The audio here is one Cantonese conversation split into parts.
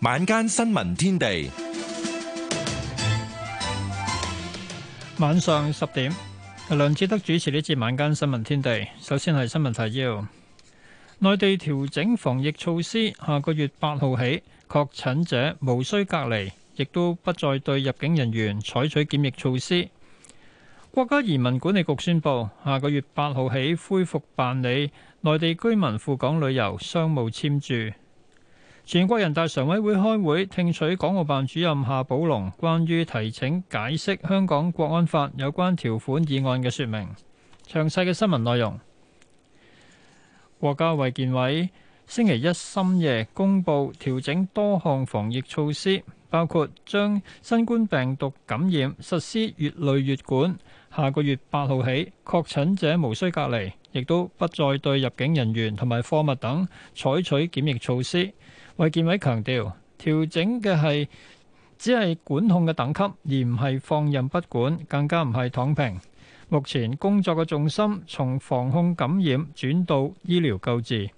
晚間新聞天地，晚上十點，梁志德主持呢節晚間新聞天地。首先係新聞提要：內地調整防疫措施，下個月八號起，確診者無需隔離，亦都不再對入境人員採取檢疫措施。國家移民管理局宣布，下個月八號起恢復辦理內地居民赴港旅遊商務簽注。全國人大常委會開會，聽取港澳辦主任夏寶龍關於提請解釋香港國安法有關條款議案嘅說明。詳細嘅新聞內容。國家衛健委星期一深夜公布調整多項防疫措施，包括將新冠病毒感染實施乙類乙管，下個月八號起，確診者無需隔離，亦都不再對入境人員同埋貨物等採取檢疫措施。衛健委強調，調整嘅係只係管控嘅等級，而唔係放任不管，更加唔係躺平。目前工作嘅重心從防控感染轉到醫療救治。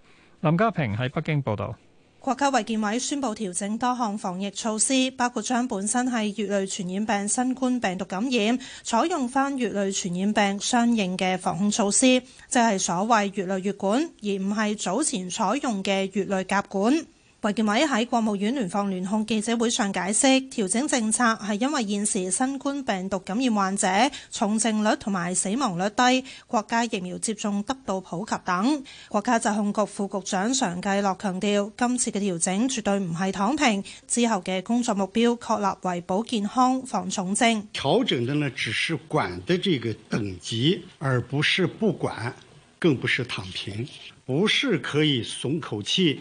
林家平喺北京報道。國家衛健委宣布調整多項防疫措施，包括將本身係乙類傳染病新冠病毒感染採用返乙類傳染病相應嘅防控措施，即係所謂乙類乙管，而唔係早前採用嘅乙類甲管。衛健委喺國務院聯防聯控記者會上解釋，調整政策係因為現時新冠病毒感染患者重症率同埋死亡率低，國家疫苗接種得到普及等。國家疾控局副局長常繼樂強調，今次嘅調整絕對唔係躺平，之後嘅工作目標確立為保健康、防重症。調整的呢只是管的這個等級，而不是不管，更不是躺平，不是可以鬆口氣。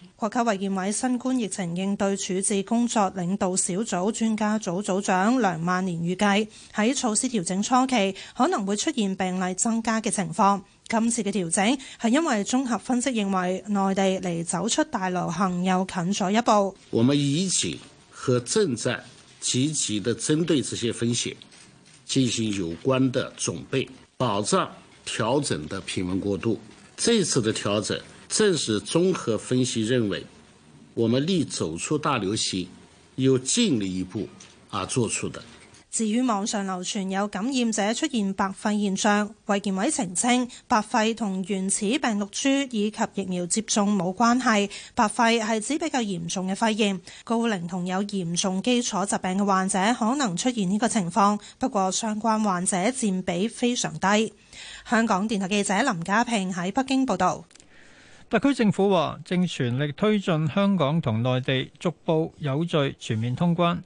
國家衛健委新冠疫情應對處置工作領導小組專家組組組長梁萬年，預計喺措施調整初期可能會出現病例增加嘅情況。今次嘅調整係因為綜合分析認為內地離走出大流行又近咗一步。我們以及和正在積極地針對這些風險進行有關的準備，保障調整的平穩過渡。這次的調整。正是綜合分析認為，我們離走出大流行又近了一步，而做出的。至於網上流傳有感染者出現白肺現象，衛健委澄清，白肺同原始病毒株以及疫苗接種冇關係，白肺係指比較嚴重嘅肺炎，高齡同有嚴重基礎疾病嘅患者可能出現呢個情況，不過相關患者佔比非常低。香港電台記者林家平喺北京報道。特區政府話正全力推進香港同內地逐步有序全面通關，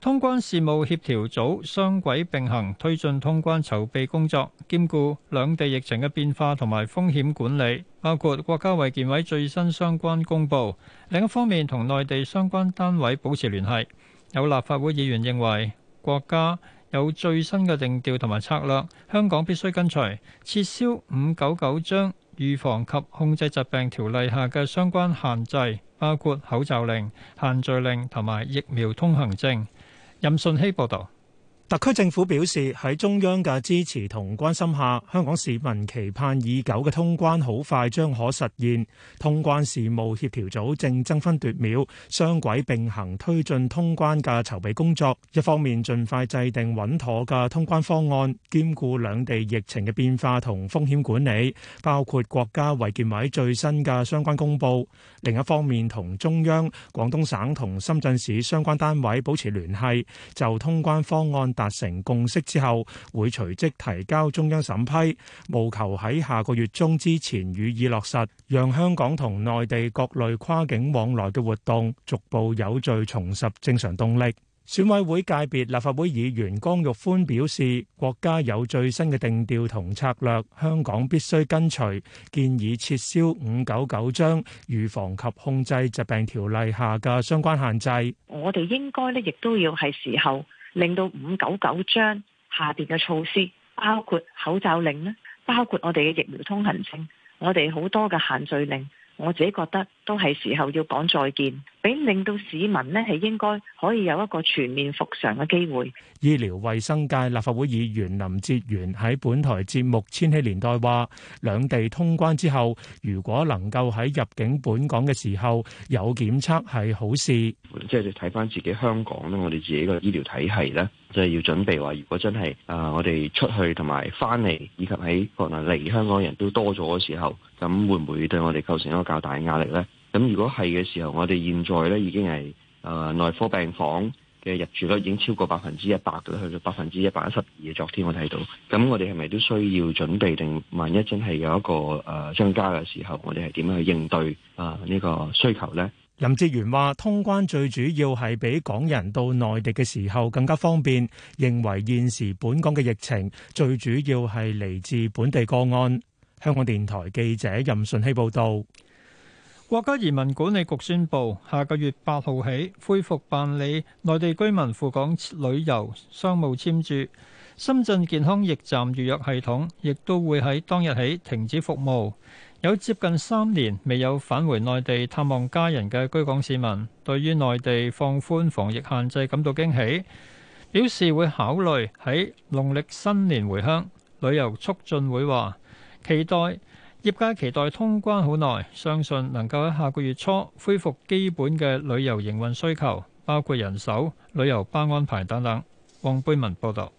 通關事務協調組雙軌並行推進通關籌備工作，兼顧兩地疫情嘅變化同埋風險管理，包括國家衛健委最新相關公佈。另一方面，同內地相關單位保持聯繫。有立法會議員認為，國家有最新嘅定調同埋策略，香港必須跟隨，撤銷五九九章。預防及控制疾病條例下嘅相關限制，包括口罩令、限聚令同埋疫苗通行證。任信希報導。特區政府表示，喺中央嘅支持同關心下，香港市民期盼已久嘅通關好快將可實現。通關事務協調組正爭分奪秒，雙軌並行推進通關嘅籌備工作。一方面，盡快制定穩妥嘅通關方案，兼顧兩地疫情嘅變化同風險管理，包括國家衞健委最新嘅相關公佈；另一方面，同中央、廣東省同深圳市相關單位保持聯繫，就通關方案。達成共識之後，會隨即提交中央審批，務求喺下個月中之前予以落實，讓香港同內地各類跨境往來嘅活動逐步有序重拾正常動力。選委會界別立法會議員江玉歡表示，國家有最新嘅定調同策略，香港必須跟隨，建議撤銷《五九九章預防及控制疾病條例》下嘅相關限制。我哋應該呢，亦都要係時候。令到五九九章下邊嘅措施，包括口罩令咧，包括我哋嘅疫苗通行證，我哋好多嘅限聚令，我自己覺得。都係時候要講再見，俾令到市民咧係應該可以有一個全面復常嘅機會。醫療衛生界立法會議員林哲源喺本台節目《千禧年代》話，兩地通關之後，如果能夠喺入境本港嘅時候有檢測係好事。即係睇翻自己香港咧，我哋自己嘅醫療體系咧，即係要準備話，如果真係啊、呃，我哋出去同埋翻嚟，以及喺國內嚟香港人都多咗嘅時候，咁會唔會對我哋構成一個較大嘅壓力咧？咁如果係嘅時候，我哋現在咧已經係誒、呃、內科病房嘅入住率已經超過百分之一百嘅啦，去到百分之一百一十二嘅。昨天我睇到，咁我哋係咪都需要準備定萬一真係有一個誒增、呃、加嘅時候，我哋係點樣去應對啊？呢、呃這個需求咧？任志源話通關最主要係比港人到內地嘅時候更加方便。認為現時本港嘅疫情最主要係嚟自本地個案。香港電台記者任順希報道。國家移民管理局宣布，下個月八號起恢復辦理內地居民赴港旅遊、商務簽注。深圳健康驛站預約系統亦都會喺當日起停止服務。有接近三年未有返回內地探望家人嘅居港市民，對於內地放寬防疫限制感到驚喜，表示會考慮喺農曆新年回鄉。旅遊促進會話期待。業界期待通關好耐，相信能夠喺下個月初恢復基本嘅旅遊營運需求，包括人手、旅遊巴安排等等。王貝文報導。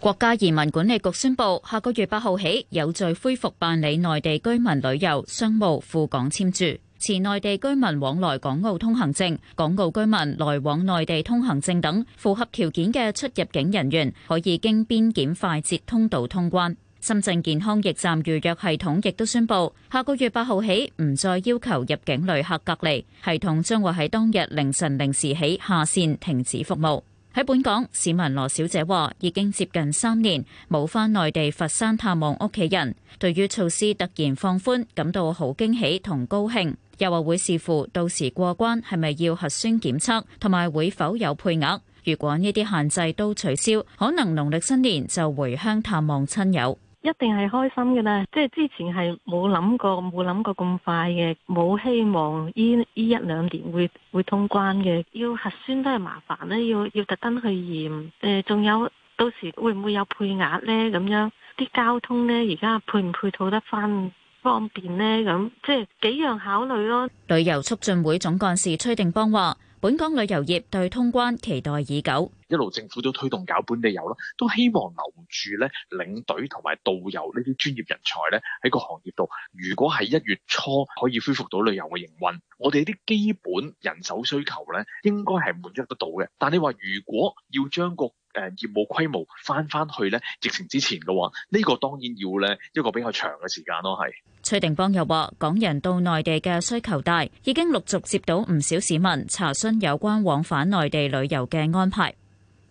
國家移民管理局宣布，下個月八號起，有序恢復辦理內地居民旅遊、商務赴港簽注，持內地居民往來港澳通行證、港澳居民來往內地通行證等符合條件嘅出入境人員，可以經邊檢快捷通道通關。深圳健康驛站預約系統亦都宣布，下個月八號起唔再要求入境旅客隔離，系統將會喺當日凌晨零時起下線，停止服務。喺本港，市民羅小姐話已經接近三年冇返內地佛山探望屋企人，對於措施突然放寬感到好驚喜同高興，又話會視乎到時過關係咪要核酸檢測同埋會否有配額。如果呢啲限制都取消，可能農曆新年就回鄉探望親友。一定係開心嘅啦，即係之前係冇諗過，冇諗過咁快嘅，冇希望呢呢一兩年會會通關嘅。要核酸都係麻煩咧，要要特登去驗。誒、呃，仲有到時會唔會有配額咧？咁樣啲交通咧，而家配唔配套得翻方便咧？咁即係幾樣考慮咯。旅遊促進會總幹事崔定邦話。本港旅遊業對通關期待已久，一路政府都推動搞本地遊啦，都希望留住咧領隊同埋導遊呢啲專業人才咧喺個行業度。如果喺一月初可以恢復到旅遊嘅營運，我哋啲基本人手需求咧應該係滿足得到嘅。但你話如果要將個誒，業務規模返返去咧，疫情之前嘅話，呢個當然要咧一個比較長嘅時間咯。係崔定邦又話，港人到內地嘅需求大，已經陸續接到唔少市民查詢有關往返內地旅遊嘅安排。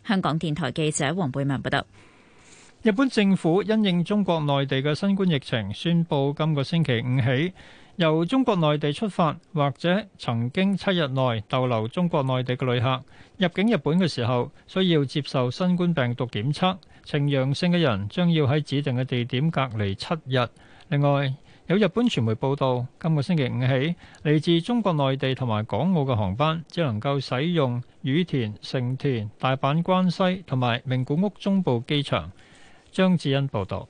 香港電台記者黃貝文報道。日本政府因應中國內地嘅新冠疫情，宣布今個星期五起，由中國內地出發或者曾經七日內逗留中國內地嘅旅客，入境日本嘅時候需要接受新冠病毒檢測，呈陽性嘅人將要喺指定嘅地點隔離七日。另外，有日本傳媒報道，今個星期五起，嚟自中國內地同埋港澳嘅航班，只能夠使用羽田、成田、大阪關西同埋名古屋中部機場。張智恩報道。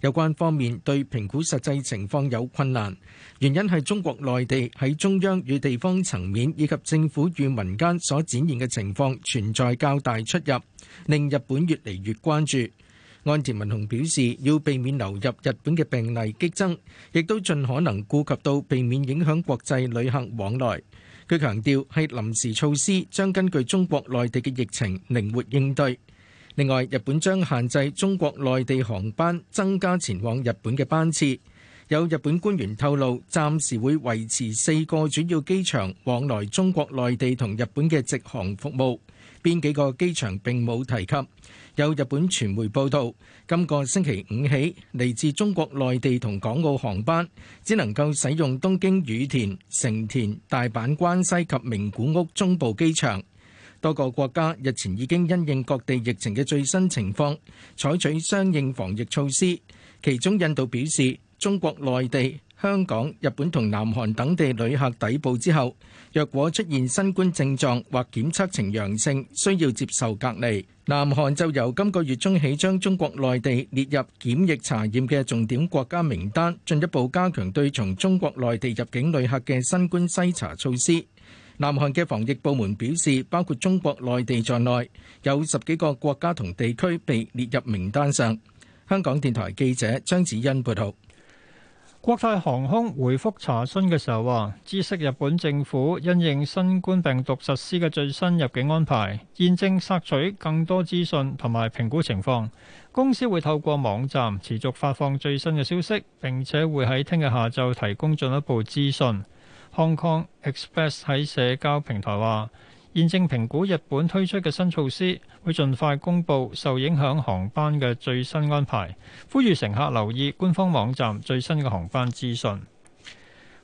有關方面對評估實際情況有困難，原因係中國內地喺中央與地方層面以及政府與民間所展現嘅情況存在較大出入，令日本越嚟越關注。岸田文雄表示，要避免流入日本嘅病例激增，亦都盡可能顧及到避免影響國際旅客往來。佢強調係臨時措施，將根據中國內地嘅疫情靈活應對。另外，日本將限制中國內地航班增加前往日本嘅班次。有日本官員透露，暫時會維持四個主要機場往來中國內地同日本嘅直航服務，邊幾個機場並冇提及。有日本傳媒報道，今個星期五起，嚟自中國內地同港澳航班只能夠使用東京羽田、成田、大阪關西及名古屋中部機場。多個國家日前已經因應各地疫情嘅最新情況，採取相應防疫措施。其中，印度表示中國內地、香港、日本同南韓等地旅客抵埗之後，若果出現新冠症狀或檢測呈陽性，需要接受隔離。南韓就由今個月中起將中國內地列入檢疫查驗嘅重點國家名單，進一步加強對從中國內地入境旅客嘅新冠篩查措施。南韓嘅防疫部門表示，包括中國內地在內，有十幾個國家同地區被列入名單上。香港電台記者張子欣報導。國泰航空回覆查詢嘅時候話：知悉日本政府因應新冠病毒實施嘅最新入境安排，現正索取更多資訊同埋評估情況。公司會透過網站持續發放最新嘅消息，並且會喺聽日下晝提供進一步資訊。《香港 Express》喺社交平台話現正評估日本推出嘅新措施，會盡快公布受影響航班嘅最新安排，呼籲乘客留意官方網站最新嘅航班資訊。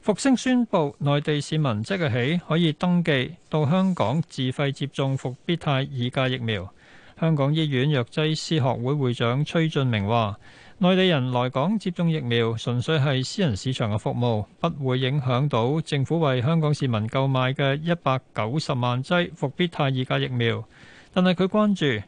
復星宣布，內地市民即日起可以登記到香港自費接種復必泰二價疫苗。香港醫院藥劑師學會會長崔俊明話。內地人來港接種疫苗，純粹係私人市場嘅服務，不會影響到政府為香港市民購買嘅一百九十萬劑復必泰二價疫苗。但係佢關注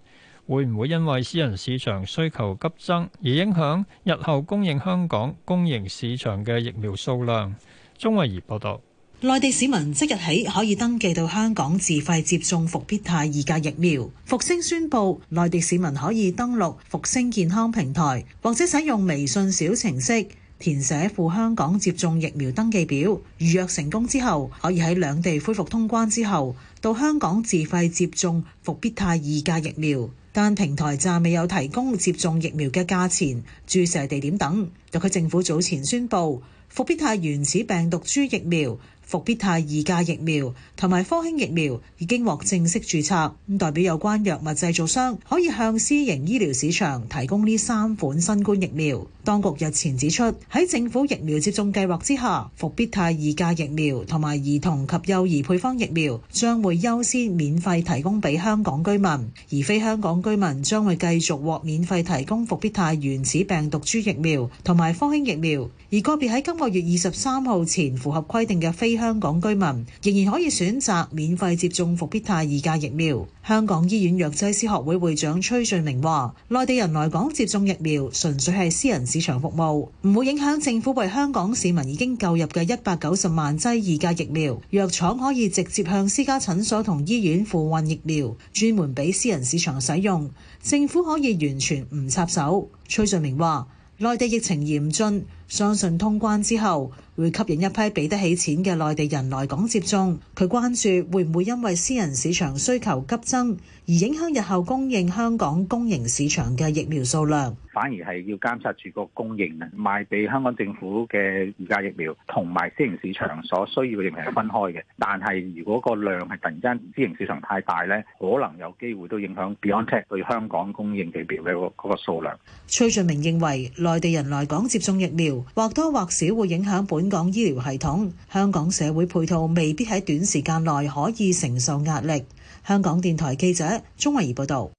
會唔會因為私人市場需求急增而影響日後供應香港公營市場嘅疫苗數量。鍾慧儀報導。內地市民即日起可以登記到香港自費接種復必泰二價疫苗。復星宣布，內地市民可以登錄復星健康平台或者使用微信小程式，填寫赴香港接種疫苗登記表，預約成功之後可以喺兩地恢復通關之後到香港自費接種復必泰二價疫苗。但平台暫未有提供接種疫苗嘅價錢、注射地點等。特區政府早前宣布，復必泰原始病毒株疫苗、復必泰二價疫苗同埋科興疫苗已經獲正式註冊，咁代表有關藥物製造商可以向私營醫療市場提供呢三款新冠疫苗。當局日前指出，喺政府疫苗接種計劃之下，復必泰二價疫苗同埋兒童及幼兒配方疫苗將會優先免費提供俾香港居民，而非香港居民將會繼續獲免費提供復必泰原始病毒株疫苗同埋科興疫苗。而個別喺今個月二十三號前符合規定嘅非香港居民，仍然可以選擇免費接種復必泰二價疫苗。香港醫院藥劑師學會會長崔俊明話，內地人來港接種疫苗，純粹係私人。市場服務唔會影響政府為香港市民已經購入嘅一百九十萬劑二價疫苗。藥廠可以直接向私家診所同醫院付運疫苗，專門俾私人市場使用。政府可以完全唔插手。崔俊明話：內地疫情嚴峻。相信通關之後會吸引一批俾得起錢嘅內地人來港接種。佢關注會唔會因為私人市場需求急增而影響日後供應香港公營市場嘅疫苗數量。反而係要監察住個供應啊，賣俾香港政府嘅二價疫苗同埋私營市場所需要嘅疫苗係分開嘅。但係如果個量係突然間私營市場太大咧，可能有機會都影響 BioNTech 對香港供應疫苗嘅嗰個數量。崔俊明認為內地人來港接種疫苗。或多或少會影響本港醫療系統，香港社會配套，未必喺短時間內可以承受壓力。香港電台記者鍾慧儀報道。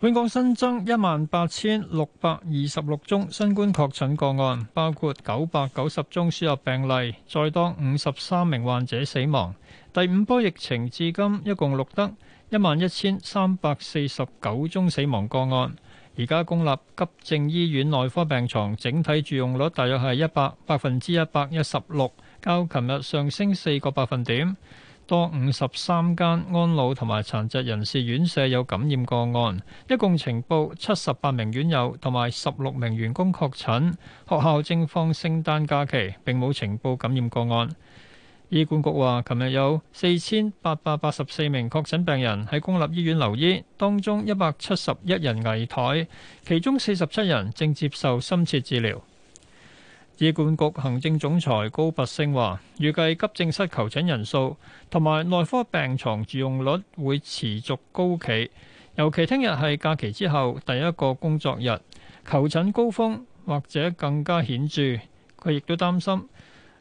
本港新增一萬八千六百二十六宗新冠確診個案，包括九百九十宗輸入病例，再多五十三名患者死亡。第五波疫情至今一共錄得一萬一千三百四十九宗死亡個案。而家公立急症醫院內科病床整體住用率大約係一百百分之一百一十六，較琴日上升四個百分點，多五十三間安老同埋殘疾人士院舍有感染個案，一共呈報七十八名院友同埋十六名員工確診。學校正放聖誕假期，並冇呈報感染個案。醫管局話，琴日有四千八百八十四名確診病人喺公立醫院留醫，當中一百七十一人危殆，其中四十七人正接受深切治療。醫管局行政總裁高拔升話，預計急症室求診人數同埋內科病床住用率會持續高企，尤其聽日係假期之後第一個工作日，求診高峰或者更加顯著。佢亦都擔心。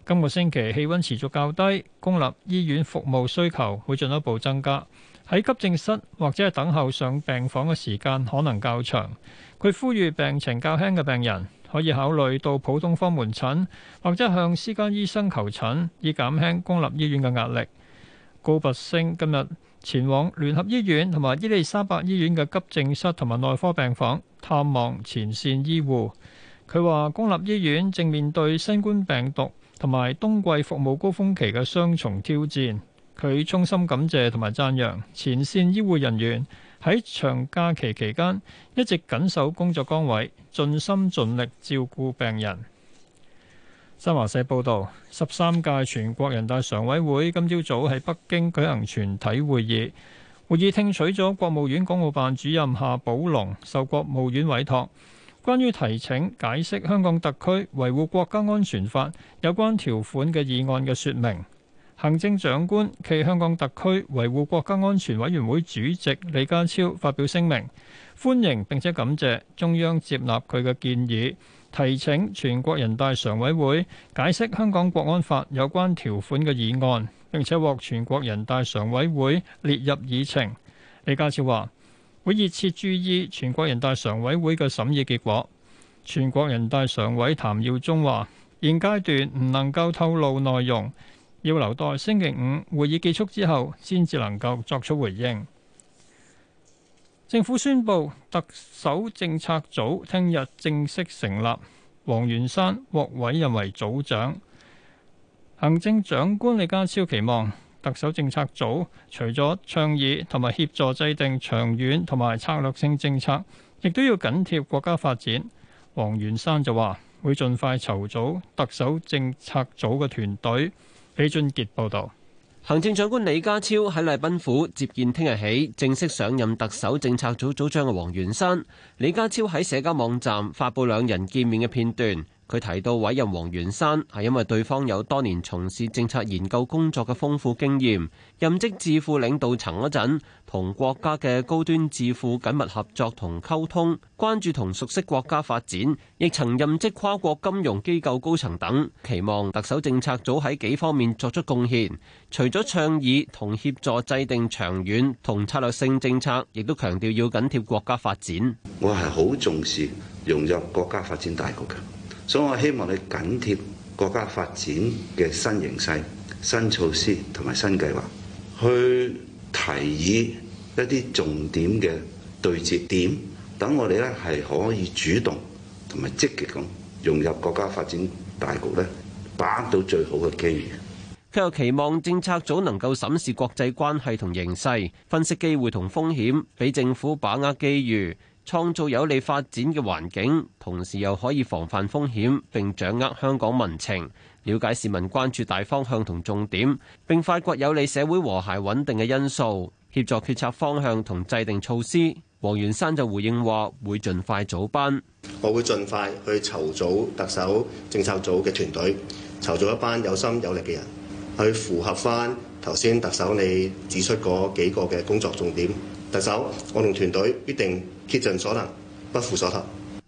今個星期氣温持續較低，公立醫院服務需求會進一步增加，喺急症室或者係等候上病房嘅時間可能較長。佢呼籲病情較輕嘅病人可以考慮到普通科門診，或者向私家醫生求診，以減輕公立醫院嘅壓力。高拔陞今日前往聯合醫院同埋伊利沙伯醫院嘅急症室同埋內科病房探望前線醫護。佢話公立醫院正面對新冠病毒。同埋冬季服務高峰期嘅雙重挑戰，佢衷心感謝同埋讚揚前線醫護人員喺長假期期間一直緊守工作崗位，盡心盡力照顧病人。新華社報導，十三屆全國人大常委會今朝早喺北京舉行全體會議，會議聽取咗國務院港澳辦主任夏寶龍受國務院委託。關於提請解釋香港特區維護國家安全法有關條款嘅議案嘅說明，行政長官暨香港特區維護國家安全委員會主席李家超發表聲明，歡迎並且感謝中央接納佢嘅建議，提請全國人大常委會解釋香港國安法有關條款嘅議案，並且獲全國人大常委會列入議程。李家超話：會熱切注意全國人大常委會嘅審議結果。全國人大常委譚耀宗話：現階段唔能夠透露內容，要留待星期五會議結束之後，先至能夠作出回應。政府宣布特首政策組聽日正式成立，黃元山獲委任為組長。行政長官李家超期望。特首政策組除咗倡議同埋協助制定長遠同埋策略性政策，亦都要緊貼國家發展。黃元山就話會盡快籌組特首政策組嘅團隊。李俊杰報道。行政長官李家超喺禮賓府接見聽日起正式上任特首政策組組長嘅黃元山。李家超喺社交網站發佈兩人見面嘅片段。佢提到委任黃元山係因為對方有多年從事政策研究工作嘅豐富經驗，任職智庫領導層嗰陣，同國家嘅高端智庫緊密合作同溝通，關注同熟悉國家發展，亦曾任職跨國金融機構高層等，期望特首政策組喺幾方面作出貢獻，除咗倡議同協助制定長遠同策略性政策，亦都強調要緊貼國家發展。我係好重視融入國家發展大局嘅。所以我希望你緊貼國家發展嘅新形勢、新措施同埋新計劃，去提議一啲重點嘅對接點，等我哋咧係可以主動同埋積極咁融入國家發展大局咧，把握到最好嘅機遇。佢又期望政策組能夠審視國際關係同形勢，分析機會同風險，俾政府把握機遇。創造有利發展嘅環境，同時又可以防範風險，並掌握香港民情，了解市民關注大方向同重點，並發掘有利社會和諧穩定嘅因素，協助決策方向同制定措施。黃元山就回應話，會盡快組班，我會盡快去籌組特首政策組嘅團隊，籌組一班有心有力嘅人，去符合翻頭先特首你指出嗰幾個嘅工作重點。特首，我同團隊必定竭盡所能，不負所託。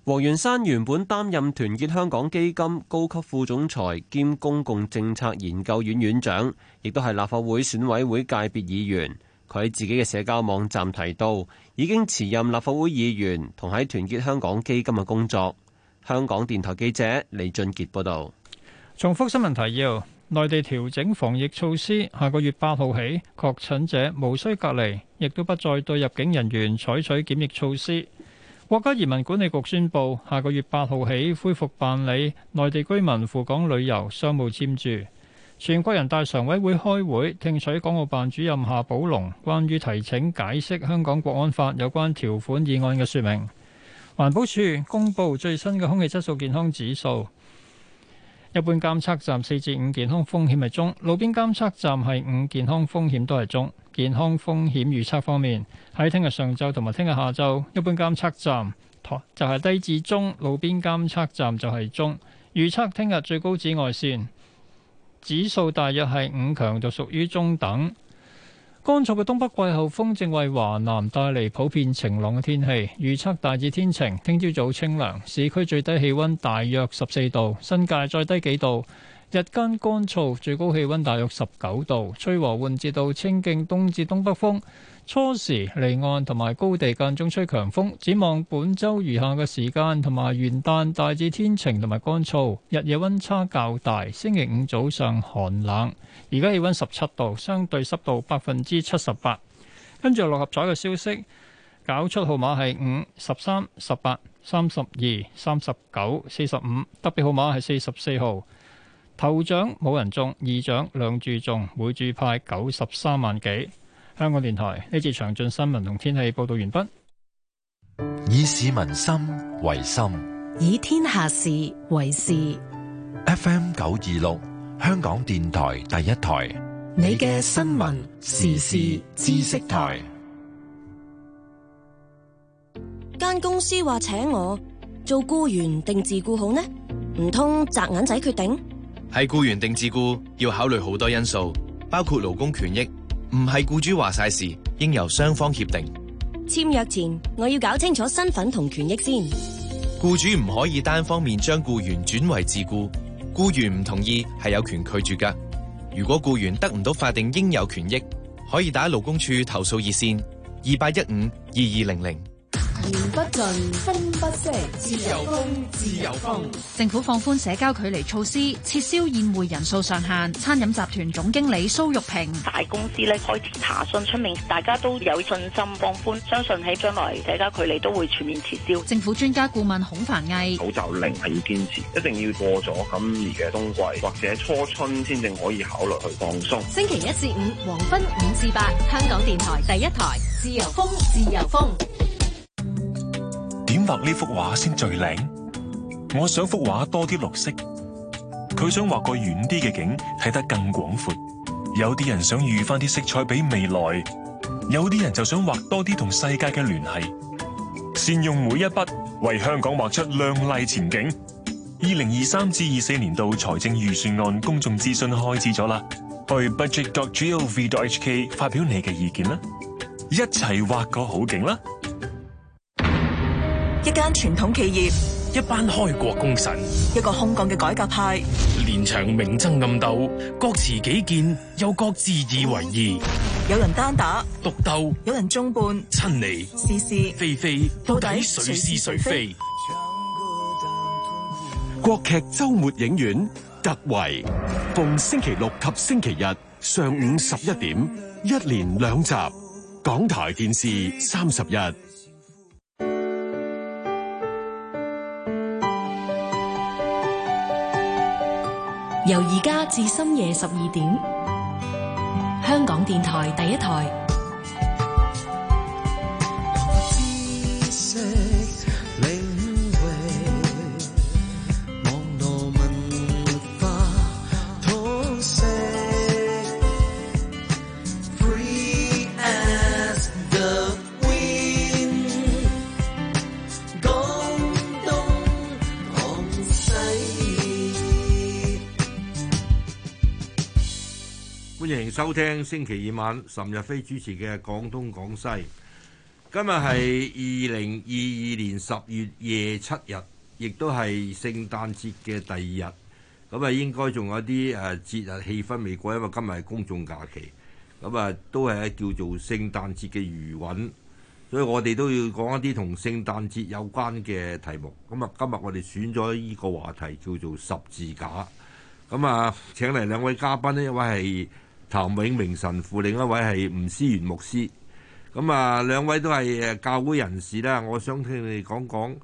黃元山原本擔任團結香港基金高級副總裁兼公共政策研究院院長，亦都係立法會選委會界別議員。佢喺自己嘅社交網站提到，已經辭任立法會議員，同喺團結香港基金嘅工作。香港電台記者李俊傑報道。重複新聞提要。內地調整防疫措施，下個月八號起，確診者無需隔離，亦都不再對入境人員採取檢疫措施。國家移民管理局宣布，下個月八號起恢復辦理內地居民赴港旅遊、商務簽注。全國人大常委會開會，聽取港澳辦主任夏寶龍關於提請解釋香港國安法有關條款議案嘅説明。環保署公布最新嘅空氣質素健康指數。一般監測站四至五健康風險係中，路邊監測站係五健康風險都係中。健康風險預測方面，喺聽日上晝同埋聽日下晝，一般監測站就係低至中，路邊監測站就係中。預測聽日最高紫外線指數大約係五，強度就屬於中等。乾燥嘅東北季候風正為華南帶嚟普遍晴朗嘅天氣，預測大致天晴，聽朝早清涼，市區最低氣溫大約十四度，新界再低幾度，日間乾燥，最高氣溫大約十九度，吹和緩至到清勁東至東北風。初時離岸同埋高地間中吹強風，展望本周餘下嘅時間同埋元旦大致天晴同埋乾燥，日夜溫差較大。星期五早上寒冷，而家氣溫十七度，相對濕度百分之七十八。跟住六合彩嘅消息，攪出號碼係五、十三、十八、三十二、三十九、四十五，特別號碼係四十四號。頭獎冇人中，二獎兩注中，每注派九十三萬幾。香港電台呢次詳盡新聞同天氣報道完畢，以市民心為心，以天下事為事。F M 九二六，香港電台第一台，你嘅新聞時事知識台。間公司話請我做僱員定自僱好呢？唔通掟銀仔決定？係僱員定自僱要考慮好多因素，包括勞工權益。唔係僱主話晒事，應由雙方協定。簽約前，我要搞清楚身份同權益先。僱主唔可以單方面將僱員轉為自僱，僱員唔同意係有權拒絕㗎。如果僱員得唔到法定應有權益，可以打勞工處投訴熱線二八一五二二零零。言不盡，風不息，自由風，自由風。政府放寬社交距離措施，撤銷宴會人數上限。餐飲集團總經理蘇玉平：大公司咧開始查詢出面，大家都有信心放寬，相信喺將來社交距離都會全面撤銷。政府專家顧問孔繁毅：口罩令係要堅持，一定要過咗今年嘅冬季或者初春，先至可以考慮去放鬆。星期一至五，黃昏五至八，香港電台第一台，自由風，自由風。畫呢幅畫先最靚，我想幅畫多啲綠色，佢想畫個遠啲嘅景睇得更廣闊，有啲人想預返啲色彩俾未來，有啲人就想畫多啲同世界嘅聯繫，善用每一筆為香港畫出亮麗前景。二零二三至二四年度財政預算案公眾諮詢開始咗啦，去 budget.gov.hk 發表你嘅意見啦，一齊畫個好景啦！一間傳統企業，一班開國功臣，一個空降嘅改革派，連場明爭暗鬥，各持己見，又各自以為意。有人單打獨鬥，獨鬥有人眾叛親離，是是非非，到底誰是誰非？國劇周末影院特惠，逢星期六及星期日上午十一點，一連兩集，港台電視三十日。由而家至深夜十二點，香港電台第一台。歡迎收聽星期二晚岑日飛主持嘅《廣東廣西》。今日係二零二二年十月廿七日，亦都係聖誕節嘅第二日。咁啊，應該仲有啲誒節日氣氛未過，因為今日係公眾假期。咁啊，都係叫做聖誕節嘅餘韻，所以我哋都要講一啲同聖誕節有關嘅題目。咁啊，今日我哋選咗呢個話題叫做十字架。咁啊，請嚟兩位嘉賓咧，一位係譚永明神父，另一位係吳思源牧師，咁啊兩位都係誒教會人士啦。我想聽你哋講講，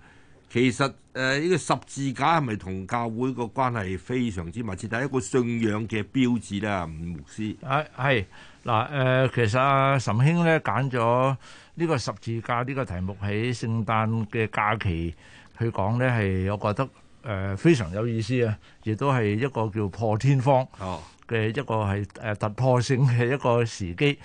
其實誒呢個十字架係咪同教會個關係非常之密切？但係一個信仰嘅標誌啦，吳牧師。係，嗱誒，其實阿岑兄咧揀咗呢個十字架呢個題目喺聖誕嘅假期去講咧，係我覺得誒非常有意思啊，亦都係一個叫破天荒哦。嘅一個係誒突破性嘅一個時機。